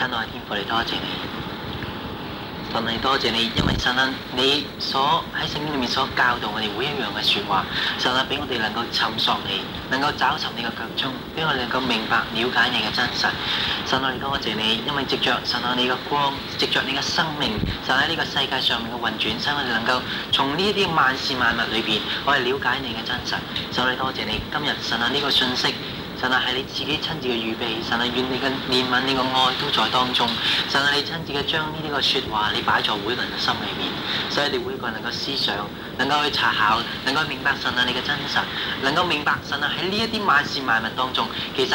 神啊，天父，你多謝你，神啊，多謝你，因為神啊，你所喺聖經裏面所教導我哋每一樣嘅說話，神啊，俾我哋能夠尋索你，能夠找尋你嘅腳蹤，俾我哋能夠明白了解你嘅真實。神啊，多謝你，因為藉着神啊，你嘅光，藉着你嘅生命，就喺呢個世界上面嘅運轉，使我哋能夠從呢啲萬事萬物裏邊，我哋了解你嘅真實。神啊，多謝你今日神啊呢個信息。神啊，係你自己親自嘅預備。神啊，願你嘅憐憫，你嘅愛都在當中，神啊，你親自嘅將呢啲個說話，你擺在每個人嘅心裏面，所以、啊、你每個人能夠思想，能夠去查考，能夠明白神啊你嘅真實，能夠明白神啊喺呢一啲萬事萬物當中，其實。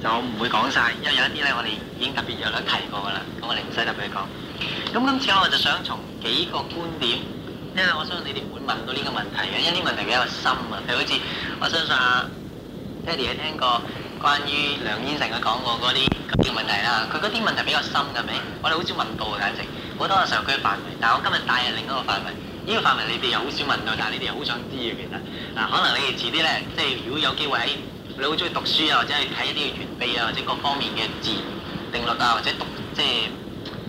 就唔會講晒，因為有一啲咧，我哋已經特別有兩提過噶啦，咁我哋唔使特別講。咁今次我就想從幾個觀點，因為我相信你哋唔會問到呢個問題，因為呢個問題比較深啊。譬如好似我相信啊，爹哋有聽過關於梁先生梁燕成佢講過嗰啲咁嘅問題啦，佢嗰啲問題比較深嘅係咪？我哋好少問到嘅，簡直好多時常佢範圍，但係我今日帶入另外一個範圍。呢個範圍你哋又好少問到，但係你哋又好想知嘅其實。嗱、啊，可能你哋遲啲咧，即係如果有機會喺。你好中意讀書啊，或者係睇一啲嘅原秘啊，或者各方面嘅自然定律啊，或者讀即係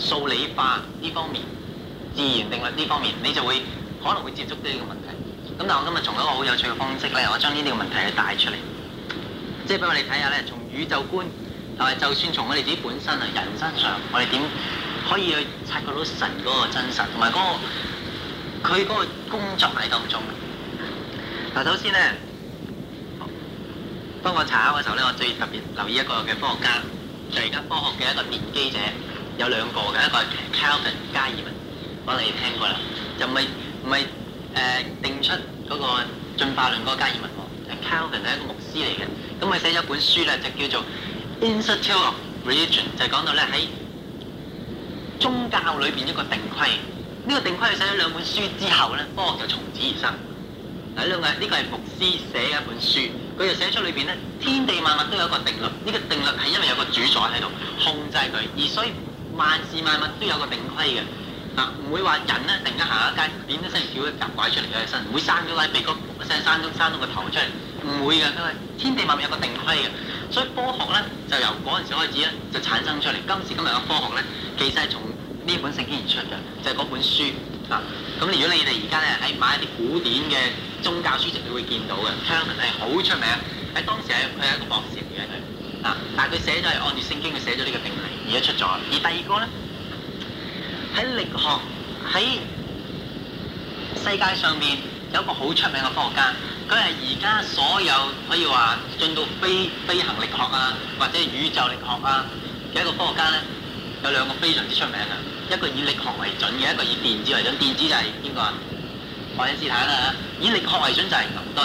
數理化呢方面自然定律呢方面，你就會可能會接觸到呢個問題。咁但係我今日從一個好有趣嘅方式咧，我將呢啲嘅問題去帶出嚟，即係俾我哋睇下咧，從宇宙觀，係咪就算從我哋自己本身啊，人身上，我哋點可以去察覺到神嗰個真實同埋嗰個佢嗰個工作喺當中？嗱，首先咧。當我查考嘅時候咧，我最特別留意一個嘅科學家，就係而家科學嘅一個奠基者有兩個嘅，一個係 Calvin 加爾文，我哋聽過啦，就唔係唔係誒定出嗰個進化論嗰個加爾文喎，Calvin 係一個牧師嚟嘅，咁佢寫咗本書咧，就叫做 Institute of Religion，就係講到咧喺宗教裏邊一個定規，呢個定規佢寫咗兩本書之後咧，科學就從此而生。第一兩個，呢個係牧師寫嘅一本書。佢就寫出裏邊咧，天地萬物都有一個定律，呢個定律係因為有個主宰喺度控制佢，而所以萬事萬物都有個定規嘅，啊，唔會話人咧突然間行一街，變咗成少一隻怪出嚟咗喺身，唔會生咗塊鼻哥，成生咗生到個頭出嚟，唔會嘅各位，天地萬物有個定規嘅，所以科學咧就由嗰陣時開始咧就產生出嚟，今時今日嘅科學咧其實係從。呢本聖經而出嘅，就係、是、嗰本書啊。咁、嗯、如果你哋而家咧喺買一啲古典嘅宗教書籍，你會見到嘅，係好出名。喺當時係佢係一個博士嚟嘅佢，嗱、啊，但係佢寫咗係按住聖經去寫咗呢個定理，而家出咗。而第二個咧，喺力學喺世界上面有一個好出名嘅科學家，佢係而家所有可以話進到飛飛行力學啊，或者宇宙力學啊嘅一個科學家咧，有兩個非常之出名嘅。一個以力學為準嘅，一個以電子為準。電子就係邊個啊？愛因斯坦啊！以力學為準就係牛頓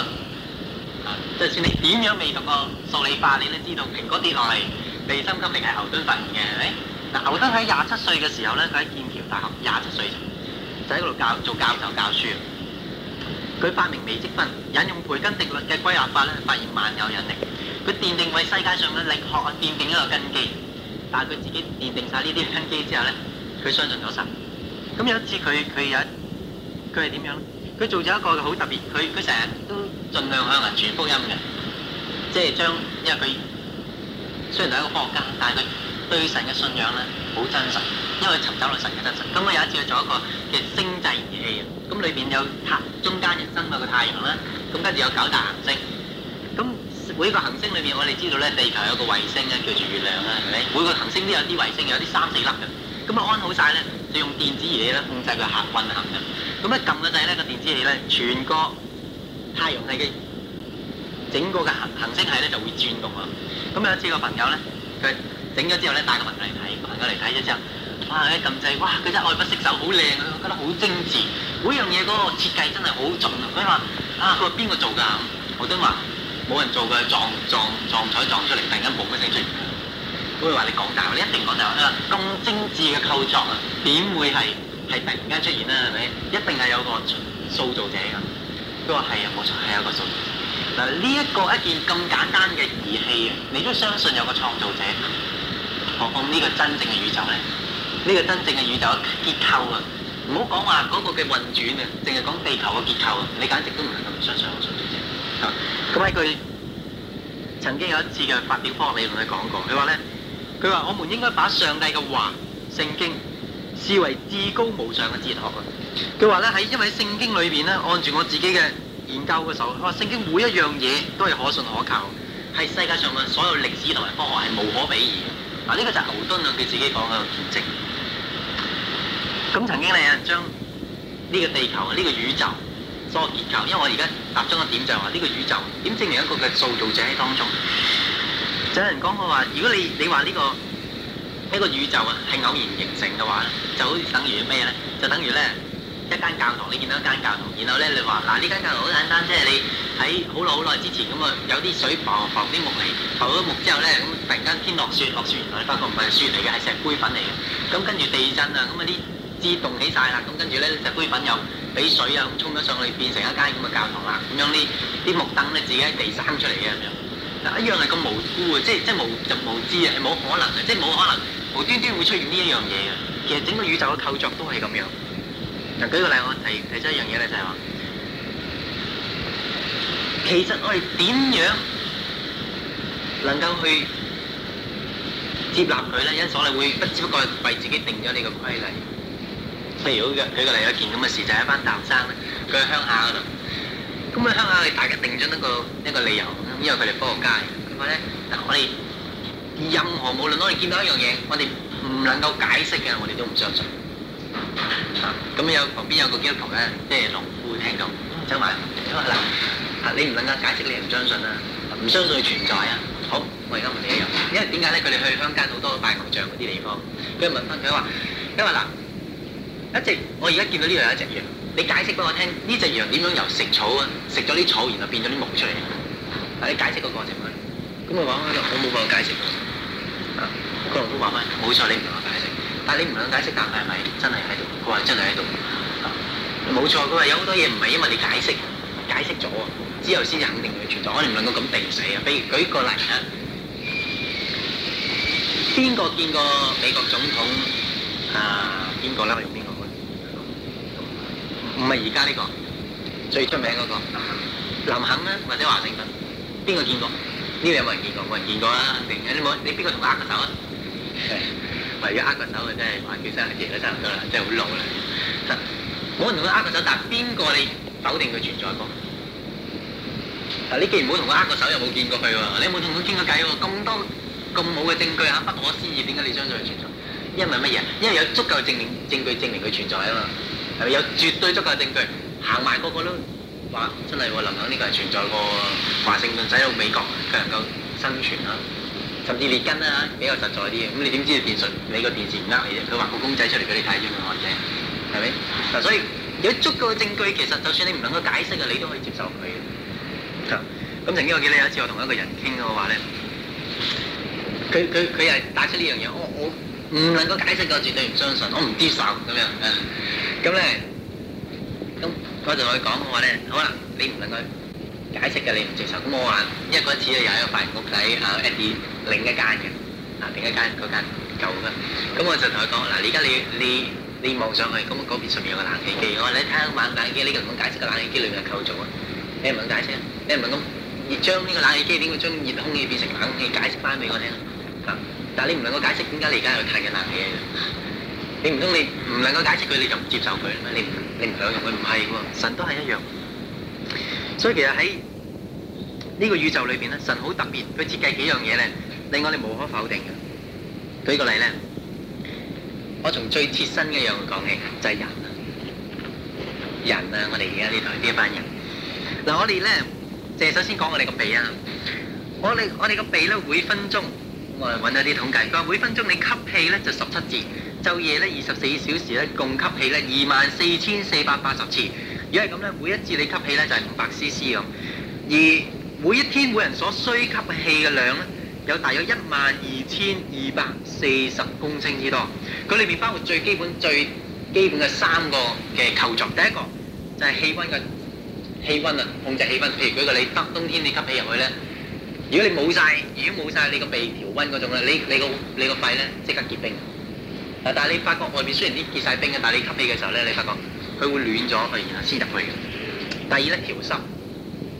啊。即係、嗯、你點樣未讀過數理化，你都知道蘋果跌落嚟，地心吸力係牛頓發現嘅係咪？嗱、嗯，牛頓喺廿七歲嘅時候咧，佢喺劍橋大學廿七歲就喺嗰度教做教授教書。佢發明微積分，引用培根定律嘅歸納法咧，發現萬有引力。佢奠定為世界上嘅力學啊奠定一個根基。但係佢自己奠定晒呢啲根基之後咧。佢相信咗神。咁有一次，佢佢又佢係點樣？佢做咗一個好特別。佢佢成日都盡量向人傳福音嘅，即係將，因為佢雖然係一個科學家，但係佢對神嘅信仰咧好真實，因為佢尋找女神嘅真實。咁我有一次去做一個嘅星際儀器啊，咁裏邊有太中間人生埋個太陽啦，咁跟住有九大行星。咁每個行星裏面，我哋知道咧，地球有個衛星咧，叫做月亮啦，係咪？每個行星都有啲衛星，有啲三四粒嘅。咁啊安好曬咧，就用電子儀器咧控制佢運行嘅。咁一撳個掣咧，個電子儀器咧，全個太陽系嘅整個嘅行行星系咧就會轉動啊！咁有一次個朋友咧，佢整咗之後咧，帶個朋友嚟睇，朋友嚟睇咗之後，哇！一撳掣，哇！佢真係愛不釋手，好靚，佢覺得好精緻，每樣嘢嗰個設計真係好準啊！佢話：啊，佢話邊個做㗎？我真話冇人做㗎，撞撞撞彩撞出嚟，突然間冇咩聲。我哋話你講大話，你一定講大話。咁精緻嘅構造啊，點會係係突然間出現呢？係咪？一定係有個塑造者噶。佢話係啊，冇錯，係有個塑造者。嗱呢一個一件咁簡單嘅儀器啊，你都相信有個創造者？何況呢個真正嘅宇宙咧？呢、這個真正嘅宇宙結構啊，唔好講話嗰個嘅運轉啊，淨係講地球嘅結構啊，你簡直都唔能夠相信創造者。咁喺佢曾經有一次嘅發表科學理論，佢講過，佢話咧。佢話我哋應該把上帝嘅話《聖經》視為至高無上嘅哲學。佢話咧喺因為喺《聖經》裏邊咧，按住我自己嘅研究嘅時候，佢話《聖經》每一樣嘢都係可信可靠，係世界上嘅所有歷史同埋科學係無可比擬嘅。嗱、啊，呢、這個就係牛頓佢自己講嘅奇蹟。咁曾經理將呢個地球呢、這個宇宙所有結構，因為我而家集中嘅點就係話呢個宇宙點證明一個嘅塑造，造者喺當中。有人講過話，如果你你話呢個呢個宇宙啊係偶然形成嘅話咧，就好似等於咩咧？就等於咧一間教堂，你見到一間教堂，然後咧你話嗱呢間教堂好簡單，即係你喺好耐好耐之前咁啊，有啲水浮浮啲木嚟浮咗木之後咧，咁突然間天落雪落雪，原來你發覺唔係雪嚟嘅，係石灰粉嚟嘅。咁跟住地震啊，咁啊啲枝棟起曬啦，咁跟住咧石灰粉又俾水啊咁沖咗上去，變成一間咁嘅教堂啦。咁樣呢啲木凳咧自己喺地生出嚟嘅咁樣。嗱，一樣係咁無辜啊，即係即係無就無知啊，係冇可能嘅，即係冇可能無端端會出現呢一樣嘢嘅。其實整個宇宙嘅構作都係咁樣。嗱，舉個例，我提提出一樣嘢嚟就係話，其實我哋點樣能夠去接納佢咧？因所你會不知不覺為自己定咗呢個規例。譬如好似舉個例，有件咁嘅事就係一班男生咧，佢喺鄉下嗰度。咁啊鄉下佢大家定咗一個一個理由，因為佢哋科學家。咁話咧，嗱我哋任何無論我哋見到一樣嘢，我哋唔能夠解釋嘅，我哋都唔相信。啊，咁有旁邊有個基督徒咧，即係農夫聽到，走埋，因為嗱，啊你唔能夠解釋，你唔相信啦，唔相信存在啊。好，我而家問你一樣，因為點解咧？佢哋去鄉間好多拜偶像嗰啲地方，佢問翻佢話，因為嗱，一直我而家見到呢樣一隻嘢，你解釋俾我聽，呢隻羊點樣由食草啊，食咗啲草然後變咗啲毛出嚟？嗱，你解釋個過程啦。咁咪玩開咯，我冇辦法解釋。個人都玩開，冇錯，你唔讓我解釋。但係你唔讓我解釋，但係係咪真係喺度？佢話真係喺度。冇錯，佢話有好多嘢唔係因為你解釋，解釋咗之後先至肯定佢存在。我哋唔能夠咁定死啊，比如舉個例啊，邊個見過美國總統？啊，邊個啦？用邊個？唔係而家呢個最出名嗰個林肯，林肯咧，或者華盛頓，邊個見過？呢度有冇人見過，冇人見過啦。有冇你邊個同佢握個手啊？係，為咗握個手嘅真係華少生贏咗差唔多啦，真係好老啦。冇人同佢握個手，但係邊個你否定佢存在過？嗱，你既然冇同佢握個手，又冇見過佢喎，你冇同佢傾過偈喎，咁多咁冇嘅證據嚇，不可思議，點解你相信佢存在？因為乜嘢啊？因為有足夠證明證據證明佢存在啊嘛。係咪有絕對足夠嘅證據？行埋個個都話真係喎，林肯呢個係存在過。華盛頓使用美國佢能夠生存啊，甚至列根啦、啊、比較實在啲。咁你點知要辨識？你個電視唔啱嘅啫。佢畫個公仔出嚟俾你睇，你咪學啫。係咪？嗱，所以有足夠嘅證據，其實就算你唔能夠解釋啊，你都可以接受佢。咁曾經我記得有一次我同一個人傾嘅話咧，佢佢佢又打出呢樣嘢，我我唔能夠解釋，我絕對唔相信，我唔接手。」咁、嗯、樣咁咧，咁嗰陣我講嘅話咧，好啦，你唔能夠佢解釋嘅，你唔接受。咁我話，一開始又喺個辦公室嚇，係點另一間嘅，嗱，另一間嗰間舊嘅。咁我就同佢講，嗱，你而家你你你望上去，咁啊嗰邊上面有個冷氣機，我話你睇下冷氣機，你唔能夠解釋個冷氣機裏面構造啊？你唔能夠解釋，你唔能夠咁，熱將呢個冷氣機點會將熱空氣變成冷氣，解釋翻俾我聽。但係你唔能夠我解釋點解你而家係嘆緊冷氣嘅。你唔通？你唔能夠解釋佢，你就唔接受佢咩？你你唔想用佢？唔係嘅喎，神都係一樣。所以其實喺呢個宇宙裏邊咧，神好特別，佢設計幾樣嘢咧，令我哋無可否定嘅。舉個例咧，我從最切身嘅樣講起就係人。人啊，我哋而家呢代呢一班人嗱，我哋咧就係首先講我哋個鼻啊，我哋我哋個鼻咧，每分鐘我揾咗啲統計，佢話每分鐘你吸氣咧就十七次。晝夜咧，二十四小時咧，共吸氣咧二萬四千四百八十次。如果係咁咧，每一次你吸氣咧就係五百 CC 咁。而每一天每人所需吸氣嘅量咧有大約一萬二千二百四十公升之多。佢裏面包括最基本最基本嘅三個嘅構造。第一個就係氣温嘅氣温啊，控制氣温。譬如舉個你北冬天你吸氣入去咧，如果你冇晒，如果冇晒你個鼻調温嗰種咧，你你個你個肺咧即刻結冰。但係你發覺外面雖然啲結晒冰嘅，但係你吸氣嘅時候咧，你發覺佢會暖咗去，然後先入去。嘅。第二咧調濕，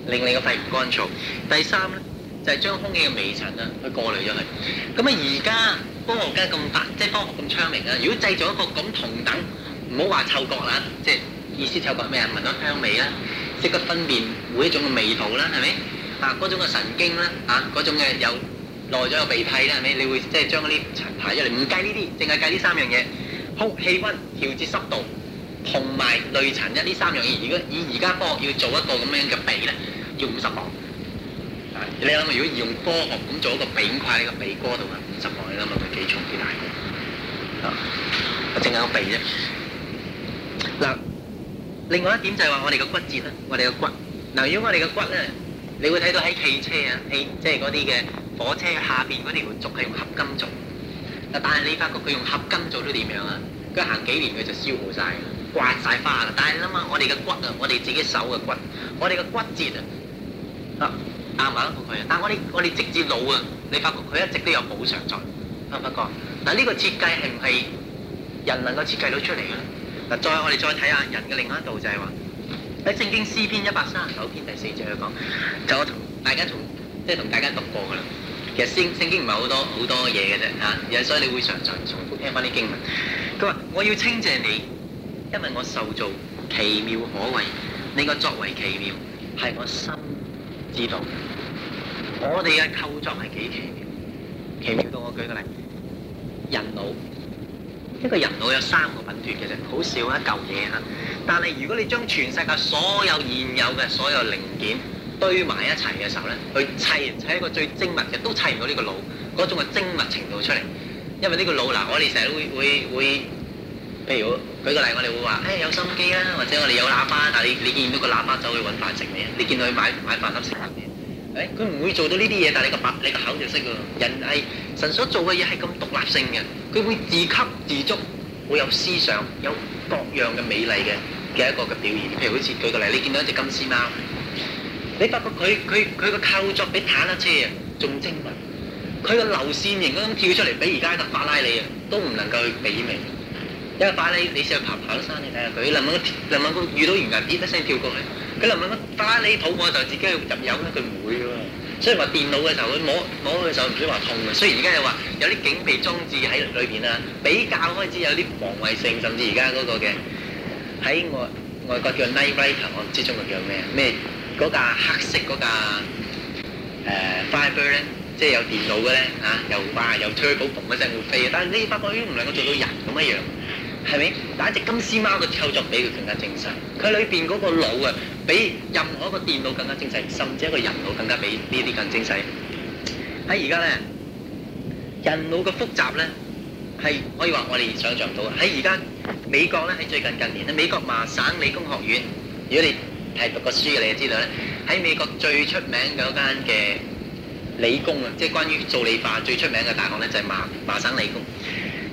令你個肺唔乾燥。第三咧就係、是、將空氣嘅微塵啦，去過濾咗佢。咁啊，而家科學家咁大，即係科學咁昌明啊！如果製造一個咁同等，唔好話嗅覺啦，即係意思嗅覺咩啊？聞到香味啦，即刻分辨每一種嘅味道啦，係咪啊？嗰種嘅神經啦，啊嗰種嘅有。耐咗又鼻批啦，係咪？你會即係將嗰啲塵排出嚟，唔計呢啲，淨係計呢三樣嘢：空氣温、調節濕度同埋累塵一呢三樣嘢。如果以而家科學要做一個咁樣嘅鼻咧，要五十磅。的你諗下，如果用科學咁做一個鼻咁大，呢鼻哥都要五十磅，你諗下幾重幾大？啊，淨係個鼻啫。嗱、啊，另外一點就係話我哋嘅骨折啦，我哋嘅骨嗱、啊。如果我哋嘅骨咧，你會睇到喺汽車啊，喺即係嗰啲嘅。火車下邊嗰條軸係用合金做，嗱但係你發覺佢用合金做都點樣啊？佢行幾年佢就消耗曬，刮曬花啦。但係你諗下，我哋嘅骨啊，我哋自己手嘅骨，我哋嘅骨節啊，啊啱唔啱個概念？但係我哋我哋直至老啊，你發覺佢一直都有補償在啊。發覺嗱呢個設計係唔係人能夠設計到出嚟嘅？嗱再我哋再睇下人嘅另一度就係話喺聖經詩篇一百三十九篇第四節去講，就我同大家同即係同大家讀過嘅啦。其實聖聖經唔係好多好多嘢嘅啫嚇，所以你會常常重複聽翻啲經文。佢話：我要稱謝你，因為我受造奇妙可畏。你個作為奇妙係我心知道。我哋嘅構造係幾奇妙，奇妙到我舉個例，人腦。一個人腦有三個品段嘅啫，好少一嚿嘢嚇。但係如果你將全世界所有現有嘅所有零件，堆埋一齊嘅時候咧，佢砌砌一個最精密嘅，都砌唔到呢個腦嗰種嘅精密程度出嚟。因為呢個腦嗱，我哋成日會會會，譬如舉個例，我哋會話誒、哎、有心機啊，或者我哋有喇叭，但係你你見到個喇叭走去搵飯食未啊？你見到佢買買飯粒食未啊？誒、哎，佢唔會做到呢啲嘢，但係你個白你個口就識㗎。人係神所做嘅嘢係咁獨立性嘅，佢會自給自足，會有思想，有各樣嘅美麗嘅嘅一個嘅表現。譬如好似舉個例，你見到一隻金絲貓。你發覺佢佢佢個構作比坦克車啊仲精密，佢個流線型咁跳出嚟，比而家嘅法拉利啊都唔能夠媲美。因為法拉利你想爬爬得山，你睇下佢能唔能夠能唔能夠遇到懸崖，咇一聲跳過去？佢能唔能夠法拉利肚餓就自己去入油咧，佢唔會㗎嘛。所以話電腦嘅時候，佢摸摸佢手唔使話痛啊。雖然而家又話有啲警備裝置喺裏邊啊，比較開始有啲防衞性，甚至而家嗰個嘅喺外外國叫 night rider，我唔知中國叫咩咩。嗰架黑色嗰架誒 fibre 咧，即係有電腦嘅咧嚇，又快又吹，嘭一聲會飛啊！但係你發覺原來唔能夠做到人咁一樣，係咪？但係隻金絲貓嘅操作比佢更加精細，佢裏邊嗰個腦啊，比任何一個電腦更加精細，甚至一個人腦更加比呢啲更精細。喺而家咧，人腦嘅複雜咧係可以話我哋想象唔到。喺而家美國咧，喺最近近年咧，美國麻省理工學院，如果你係讀過書嘅你就知道咧，喺美國最出名嗰間嘅理工啊，即係關於做理化最出名嘅大學咧，就係麻麻省理工。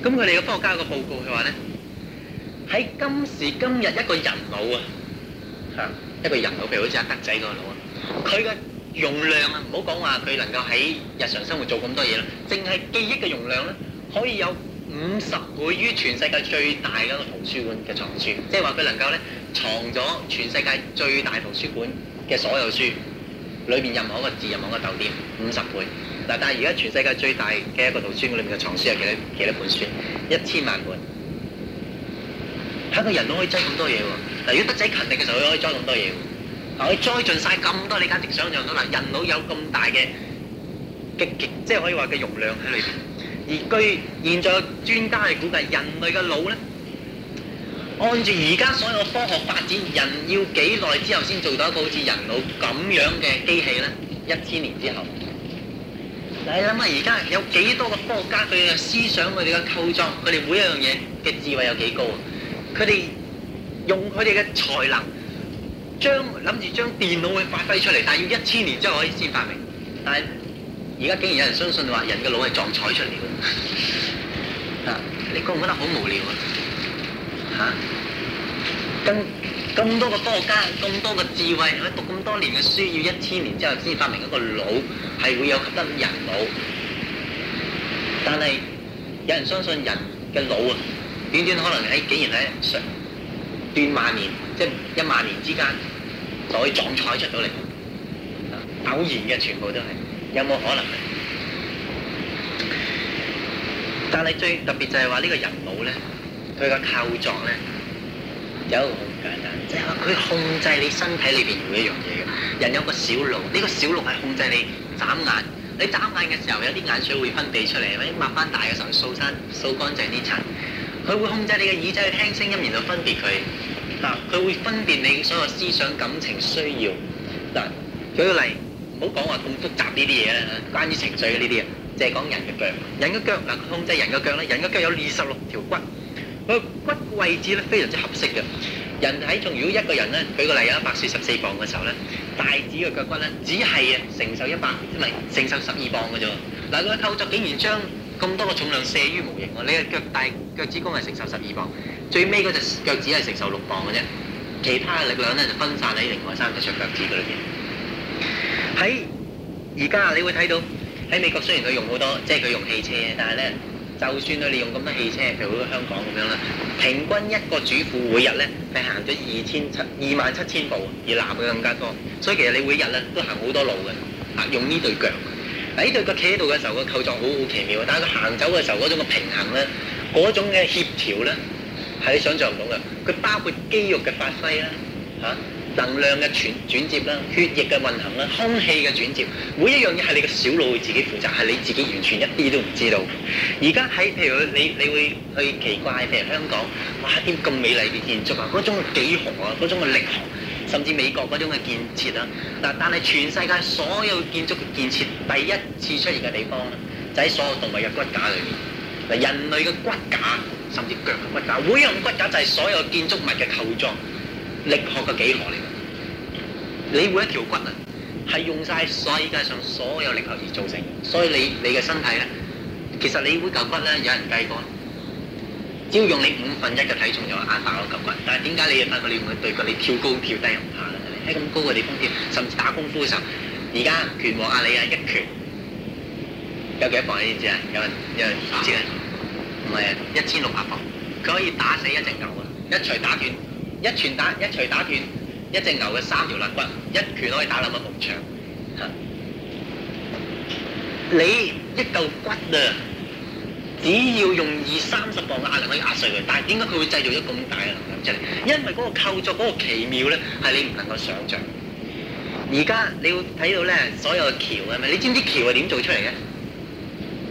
咁佢哋嘅科學家個報告佢話咧，喺今時今日一個人腦啊，吓一個人腦譬如好似阿德仔個腦啊，佢嘅容量啊，唔好講話佢能夠喺日常生活做咁多嘢啦，淨係記憶嘅容量咧，可以有五十倍於全世界最大嗰個圖書館嘅藏書，即係話佢能夠咧。藏咗全世界最大圖書館嘅所有書，裏邊任何一個字，任何一個逗點，五十倍。嗱，但係而家全世界最大嘅一個圖書館裏面嘅藏書有幾多？幾多本書？一千萬本。香港人腦可以裝咁多嘢喎。嗱，如果德仔勤力嘅時候，佢可以裝咁多嘢。嗱，佢裝盡晒咁多，你簡直想象到。嗱，人腦有咁大嘅極極，即係可以話嘅容量喺裏邊。而據現在專家係估計，人類嘅腦咧。按住而家所有科學發展，人要幾耐之後先做到一個好似人腦咁樣嘅機器咧？一千年之後，你諗下而家有幾多個科學家佢嘅思想，佢哋嘅構造，佢哋每一樣嘢嘅智慧有幾高啊？佢哋用佢哋嘅才能將諗住將電腦去發揮出嚟，但係要一千年之後可以先發明。但係而家竟然有人相信話人嘅腦係撞彩出嚟嘅， 你覺唔覺得好無聊啊？咁咁、啊、多個科學家，咁多個智慧，讀咁多年嘅書，要一千年之後先發明一個腦，係會有及得人腦。但係有人相信人嘅腦啊，短短可能喺幾年喺上段萬年，即係一萬年之間，就可以撞彩出到嚟、啊，偶然嘅全部都係，有冇可能？但係最特別就係話呢個人腦咧。佢個構作咧有好簡單，即係話佢控制你身體裏邊每一樣嘢嘅。人有個小腦，呢個小腦係控制你眨眼。你眨眼嘅時候，有啲眼水會分泌出嚟，或者抹返大嘅時候掃身掃乾淨啲塵。佢會控制你嘅耳仔去聽聲音，然後分別佢。嚇，佢會分辨你所有思想、感情、需要。嗱，舉個例，唔好講話咁複雜呢啲嘢啦。關於情緒嘅呢啲啊，即係講人嘅腳。人嘅腳嗱，佢控制人嘅腳咧。人嘅腳有二十六條骨。個骨位置咧，非常之合適嘅，人體仲，如果一個人咧，舉個例有一百四十四磅嘅時候咧，大指嘅腳骨咧只係啊，承受一百，唔係承受十二磅嘅啫。嗱，佢個構造竟然將咁多個重量卸於無形。你嘅腳大腳趾公係承受十二磅，最尾嗰隻腳趾係承受六磅嘅啫，其他嘅力量咧，就分散喺另外三隻腳趾嘅裏邊。喺而家你會睇到喺美國雖然佢用好多，即係佢用汽車嘅，但係咧。就算你利用咁多汽車，譬如好似香港咁樣啦，平均一個主婦每日咧係行咗二千七二萬七千步，而男嘅更加多，所以其實你每日咧都行好多路嘅嚇，用呢對腳喺呢對腳企喺度嘅時候，個構造好好奇妙，但係佢行走嘅時候嗰種嘅平衡咧，嗰種嘅協調咧係你想像唔到嘅，佢包括肌肉嘅發揮啦嚇。能量嘅轉轉接啦，血液嘅運行啦，空氣嘅轉接，每一樣嘢係你嘅小腦會自己負責，係你自己完全一啲都唔知道。而家喺譬如你你會去奇怪，譬如香港，哇！啲咁美麗嘅建築啊，嗰種幾何啊，嗰種嘅力學，甚至美國嗰種嘅建設啊，嗱，但係全世界所有建築嘅建設第一次出現嘅地方啊，就喺所有動物嘅骨架裏面。嗱，人類嘅骨架，甚至腳嘅骨架，每樣骨架就係所有建築物嘅構造，力學嘅幾何嚟。你每一條骨啊，係用曬世界上所有力學而造成，所以你你嘅身體咧，其實你每嚿骨咧，有人計過，只要用你五分一嘅體重就壓爆嗰嚿骨。但係點解你發覺你用對腳，你跳高跳低唔怕咧？喺咁高嘅地方跳，甚至打功夫嘅時候。而家拳王阿里啊，一拳有幾多磅？你知啊？有有知啊？唔係啊，一千六百磅，佢可以打死一隻牛啊！一錘打斷，一拳打，一錘打斷。一隻牛嘅三條肋骨，一拳可以打冧個農場。嚇！你一嚿骨啊，只要用二三十磅嘅壓力可以壓碎佢，但係點解佢會製造咗咁大嘅能量出嚟？因為嗰個構造嗰個奇妙咧，係你唔能夠想像。而家你要睇到咧，所有嘅橋係咪，你知唔知橋係點做出嚟嘅？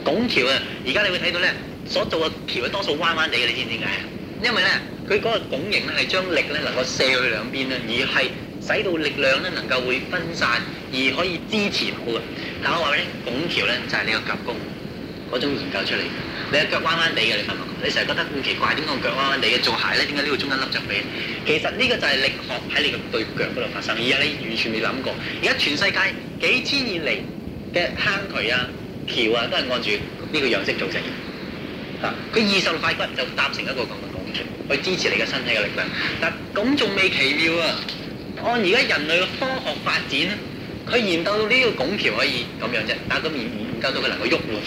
拱橋啊！而家你會睇到咧，所做嘅橋係多數彎彎地嘅，你知唔知點解啊？因為咧。佢嗰個拱形咧係將力咧能夠射去兩邊咧，而係使到力量咧能夠會分散，而可以支持到。但我話畀你拱橋咧就係、是、你個夾弓嗰種研究出嚟。你嘅腳彎彎地嘅，你瞓落，你成日覺得咁奇怪，點解我腳彎彎地嘅？做鞋咧，點解呢個中間凹着嘅？其實呢個就係力學喺你個對腳嗰度發生，而家你完全未諗過。而家全世界幾千年嚟嘅坑渠啊、橋啊都係按住呢個樣式做成嘅。嚇，佢二十六塊骨就搭成一個拱。去支持你嘅身體嘅力量，但咁仲未奇妙啊！按而家人類嘅科學發展，佢研究到呢個拱橋可以咁樣啫，但佢研研究到佢能夠喐喎。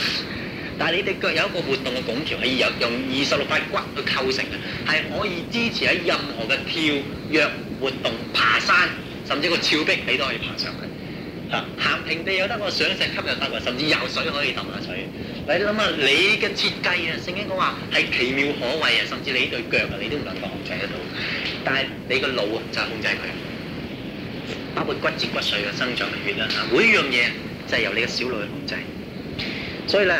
但係你哋腳有一個活動嘅拱橋，係由用二十六塊骨去構成嘅，係可以支持喺任何嘅跳躍活動、爬山，甚至個峭壁你都可以爬上去。嚇，行平地有得，我上石級就得喎，甚至游水可以揼下水。你諗下，你嘅設計啊，聖經講話係奇妙可畏啊，甚至你對腳啊，你都唔能夠控制得到，但係你個腦啊就控制佢，包括骨節骨髓嘅生長同血啦嚇，每一樣嘢就係由你嘅小腦去控制。所以咧，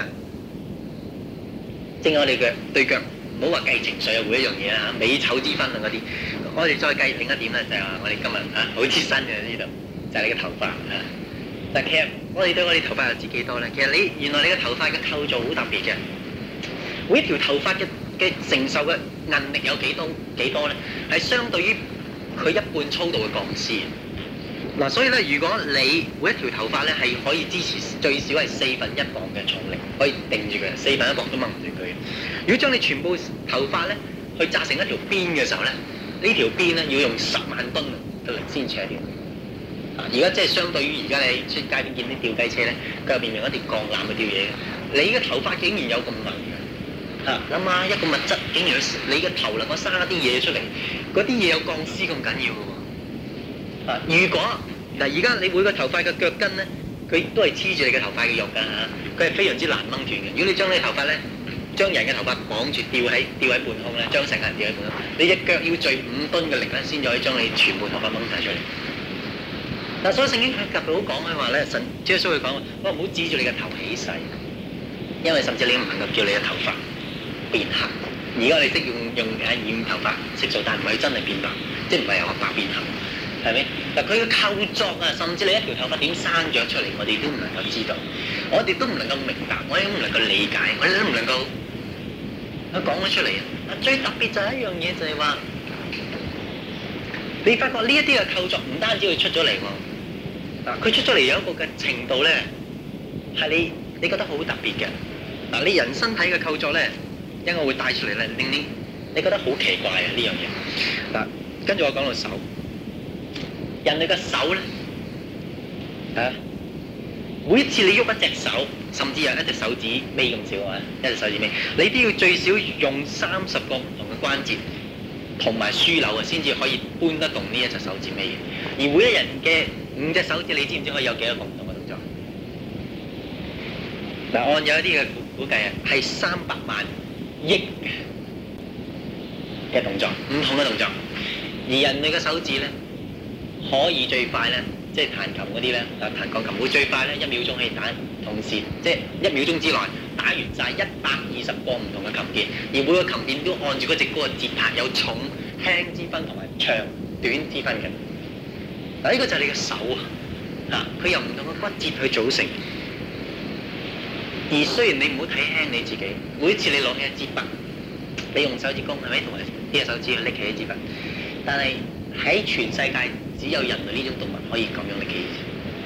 正我哋腳對腳，唔好話計情緒啊，每一樣嘢啊美醜之分啊嗰啲，我哋再計另一點咧，就係話我哋今日嚇好貼身嘅呢度，就係你個頭髮嚇。但其實我哋對我哋頭髮又知幾多咧？其實你原來你個頭髮嘅構造好特別嘅，每一條頭髮嘅嘅承受嘅韌力有幾多幾多咧？係相對於佢一半粗度嘅鋼絲。嗱、啊，所以咧，如果你每一條頭髮咧係可以支持最少係四分一磅嘅重力，可以定住佢，四分一磅都掹唔住佢。如果將你全部頭髮咧去紮成一條辮嘅時候咧，條邊呢條辮咧要用十萬噸嘅力先扯掉。而家即係相對於而家你出街邊見啲吊雞車咧，佢入邊用一條鋼纜去吊嘢。你嘅頭髮竟然有咁硬嘅，嚇、啊！諗下一個物質竟然去你嘅頭能夠生了一啲嘢出嚟，嗰啲嘢有鋼絲咁緊要喎。啊！如果嗱，而、啊、家你每個頭髮嘅腳跟咧，佢都係黐住你嘅頭髮嘅肉㗎嚇，佢係非常之難掹斷嘅。如果你將你頭髮咧，將人嘅頭髮綁住吊喺吊喺半空咧，將成個人吊喺半空，你一腳要墜五噸嘅力咧，先可以將你全部頭髮掹晒出嚟。嗱，但所以聖經佢特別好講咧，話咧神，耶穌佢講：我唔好指住你嘅頭起誓，因為甚至你唔能夠叫你嘅頭髮變黑。而家你識用用染頭髮色素但唔係真係變白，即係唔係由白變黑，係咪？嗱，佢嘅構作啊，甚至你一條頭髮點生咗出嚟，我哋都唔能夠知道，我哋都唔能夠明白，我哋都唔能夠理解，我哋都唔能夠講咗出嚟啊！最特別就係一樣嘢，就係話，你發覺呢一啲嘅構作，唔單止會出咗嚟喎。嗱，佢出咗嚟有一個嘅程度咧，係你你覺得好特別嘅。嗱，你人身體嘅構造咧，因為會帶出嚟咧，令你你覺得好奇怪啊，呢樣嘢。嗱，但跟住我講到手，人哋嘅手咧，嚇、啊，每一次你喐一隻手，甚至有一隻手指尾咁少啊，一隻手指尾，你都要最少用三十個唔同嘅關節同埋樞紐啊，先至可以搬得動呢一隻手指尾。而每一人嘅五隻手指你知唔知可以有幾多個唔同嘅動作？嗱，按有一啲嘅估估計啊，係三百萬億嘅動作，唔同嘅動作。而人類嘅手指咧，可以最快咧，即係彈琴嗰啲咧，彈鋼琴會最快咧，一秒鐘可以打，同時即係一秒鐘之內打完曬一百二十個唔同嘅琴鍵，而每個琴鍵都按住嗰隻個節拍，有重輕之分同埋長短之分嘅。呢個就係你嘅手啊！嗱，佢由唔同嘅骨折去組成。而雖然你唔好睇輕你自己，每次你攞起一支筆，你用手指公係咪同埋呢隻手指去拎起一支筆？但係喺全世界只有人類呢種動物可以咁樣嚟記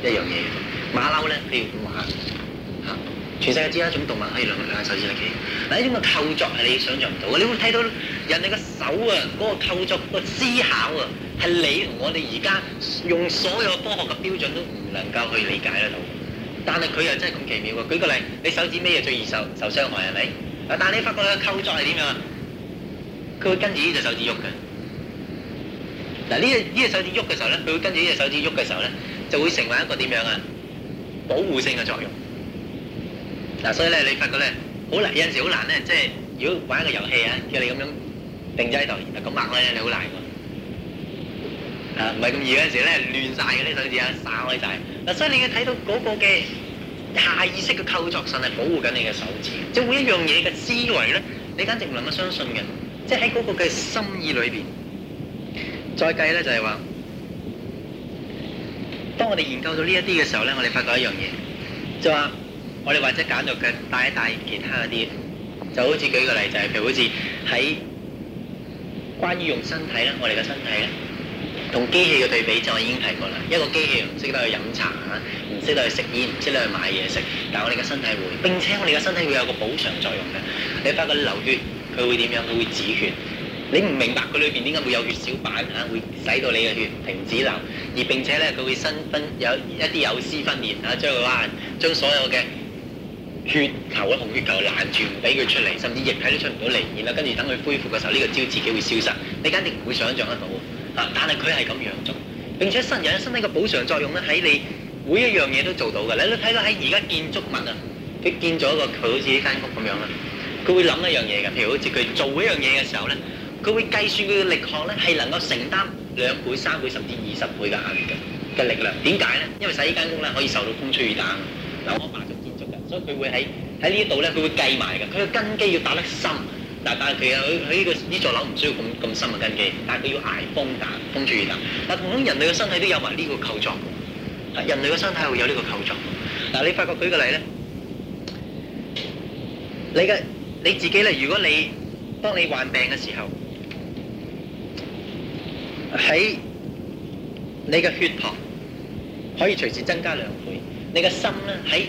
一樣嘢。馬騮咧譬如咁話吓！全世界只有一種動物可以兩兩隻手指嚟記。嗱，呢種嘅構作係你想象唔到嘅，你會睇到人哋嘅。手啊，嗰、嗰個構作、嗰個思考啊，係你同我哋而家用所有科學嘅標準都唔能夠去理解得到。但係佢又真係咁奇妙㗎、啊。舉個例，你手指咩嘢最易受受傷害係咪？但係你發覺佢嘅構作係點樣啊？佢會跟住呢隻手指喐㗎。嗱，呢隻呢隻手指喐嘅時候咧，佢會跟住呢隻手指喐嘅時候咧，就會成為一個點樣啊？保護性嘅作用。嗱，所以咧你發覺咧，好難有陣時好難咧，即係如果玩一個遊戲啊，叫你咁樣。定製度，嗱咁擘開咧，你好難喎。啊，唔係咁易嗰陣時咧，亂曬嗰啲手指啊，散開曬。嗱，所以你要睇到嗰個嘅下意識嘅構作，上係保護緊你嘅手指。即係每一樣嘢嘅思維咧，你簡直唔能夠相信嘅。即係喺嗰個嘅心意裏邊，再計咧就係話，當我哋研究到呢一啲嘅時候咧，我哋發覺一樣嘢，就話我哋或者揀到嘅帶一帶其他嗰啲，就好似舉個例就係，譬如好似喺。關於用身體呢，我哋嘅身體呢，同機器嘅對比就已經提過啦。一個機器唔識得去飲茶嚇，唔識得去食煙，唔識得去買嘢食。但係我哋嘅身體會，並且我哋嘅身體會有個補償作用嘅。你發覺流血，佢會點樣？佢會止血。你唔明白佢裏邊點解會有血小板嚇、啊，會使到你嘅血停止流，而並且呢，佢會生分有一啲有絲分裂嚇，將個將所有嘅。血球啊，同血球攔住唔俾佢出嚟，甚至液體都出唔到嚟，然後跟住等佢恢復嘅時候，呢、這個招自己會消失，你肯定唔會想象得到嚇、啊。但係佢係咁樣做，並且身有身體嘅補償作用咧，喺你每一樣嘢都做到嘅。你睇到喺而家建築物啊，佢建咗一個佢好似呢間屋咁樣啦，佢會諗一樣嘢嘅，譬如好似佢做一樣嘢嘅時候咧，佢會計算佢嘅力學咧係能夠承擔兩倍、三倍甚至二十倍嘅壓力嘅嘅力量。點解咧？因為喺呢間屋咧可以受到風吹雨打。所以佢會喺喺呢度咧，佢會計埋嘅。佢嘅根基要打得深，但但其實佢佢呢個呢座樓唔需要咁咁深嘅根基，但係佢要捱風打風住大。嗱，同樣人類嘅身體都有埋呢個構造。人類嘅身體會有呢個構造。嗱，你發覺舉個例咧，你嘅你自己咧，如果你當你患病嘅時候，喺你嘅血糖可以隨時增加兩倍，你嘅心咧喺，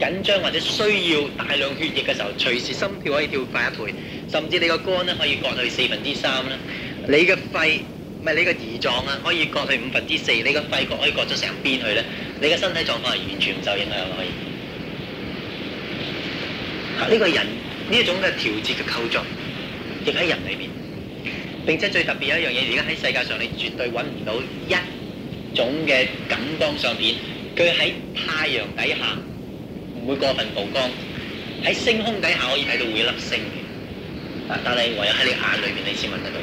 緊張或者需要大量血液嘅時候，隨時心跳可以跳快一倍，甚至你個肝咧可以割去四分之三咧，你嘅肺唔係你嘅胰臟啊，可以割去五分之四，你嘅肺臟可以割咗成邊去咧，你嘅身體狀況係完全唔受影響可以。嗱，呢個人呢一種嘅調節嘅構造，亦喺人裏面。並且最特別一樣嘢，而家喺世界上你絕對揾唔到一種嘅感光上片，佢喺太陽底下，會過分曝光，喺星空底下可以睇到會一粒星嘅，嗱，但係唯有喺你眼裏邊你先搵得到。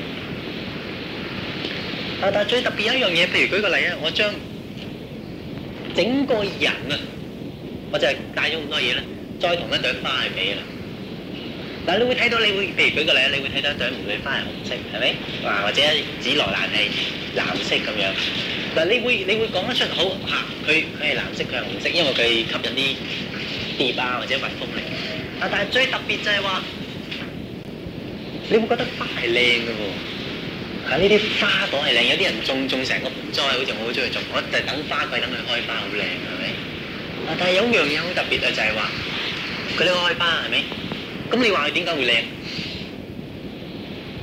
嗱，但係最特別一樣嘢，譬如舉個例啊，我將整個人啊，我就係帶咗咁多嘢啦，再同一朵花去比啊。嗱，你會睇到你會，譬如舉個例啊，你會睇到一朵玫瑰花係紅色，係咪？嗱，或者紫羅蘭係藍色咁樣。嗱，你會你會講得出好嚇，佢佢係藍色，佢係紅色，因為佢吸引啲。蝶啊，或者蜜蜂嚟。啊，但係最特別就係話，你會覺得花係靚嘅喎。嚇，呢啲花朵係靚，有啲人種種成個盆栽，好似我好中意種。我就等花季等佢開花，好靚，係咪？啊，但係有一樣嘢好特別啊，就係話佢哋開花，係咪？咁你話佢點解會靚？